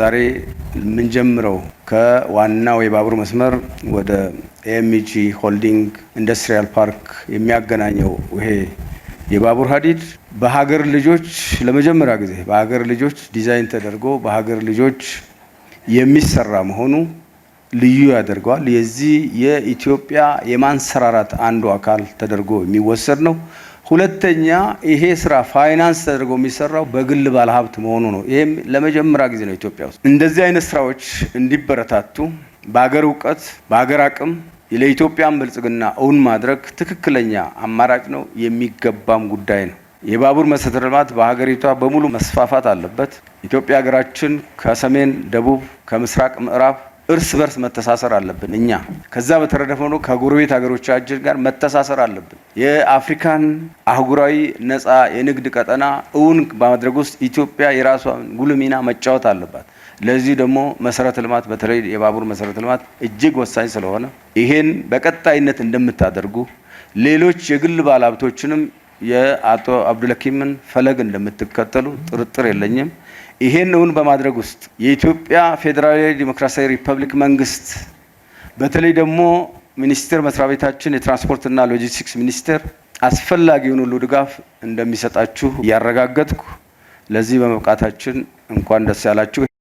ዛሬ የምንጀምረው ከዋናው የባቡር መስመር ወደ ኤምጂ ሆልዲንግ ኢንዱስትሪያል ፓርክ የሚያገናኘው ይሄ የባቡር ሀዲድ በሀገር ልጆች ለመጀመሪያ ጊዜ በሀገር ልጆች ዲዛይን ተደርጎ በሀገር ልጆች የሚሰራ መሆኑ ልዩ ያደርገዋል። የዚህ የኢትዮጵያ የማንሰራራት አንዱ አካል ተደርጎ የሚወሰድ ነው። ሁለተኛ ይሄ ስራ ፋይናንስ ተደርጎ የሚሰራው በግል ባለሀብት መሆኑ ነው። ይህም ለመጀመሪያ ጊዜ ነው ኢትዮጵያ ውስጥ። እንደዚህ አይነት ስራዎች እንዲበረታቱ በሀገር እውቀት በሀገር አቅም ለኢትዮጵያን ብልጽግና እውን ማድረግ ትክክለኛ አማራጭ ነው፣ የሚገባም ጉዳይ ነው። የባቡር መሰረተ ልማት በሀገሪቷ በሙሉ መስፋፋት አለበት። ኢትዮጵያ ሀገራችን ከሰሜን ደቡብ፣ ከምስራቅ ምዕራብ እርስ በርስ መተሳሰር አለብን። እኛ ከዛ በተረፈ ነው ከጎረቤት ሀገሮቻችን ጋር መተሳሰር አለብን። የአፍሪካን አህጉራዊ ነጻ የንግድ ቀጠና እውን በማድረግ ውስጥ ኢትዮጵያ የራሷን ጉልህ ሚና መጫወት አለባት። ለዚህ ደግሞ መሰረተ ልማት በተለይ የባቡር መሰረተ ልማት እጅግ ወሳኝ ስለሆነ ይሄን በቀጣይነት እንደምታደርጉ ሌሎች የግል ባለሀብቶችንም የአቶ አብዱልሐኪምን ፈለግ እንደምትከተሉ ጥርጥር የለኝም። ይሄን እውን በማድረግ ውስጥ የኢትዮጵያ ፌዴራላዊ ዲሞክራሲያዊ ሪፐብሊክ መንግስት በተለይ ደግሞ ሚኒስቴር መስሪያ ቤታችን የትራንስፖርትና ሎጂስቲክስ ሚኒስቴር አስፈላጊውን ሁሉ ድጋፍ እንደሚሰጣችሁ እያረጋገጥኩ ለዚህ በመብቃታችን እንኳን ደስ ያላችሁ።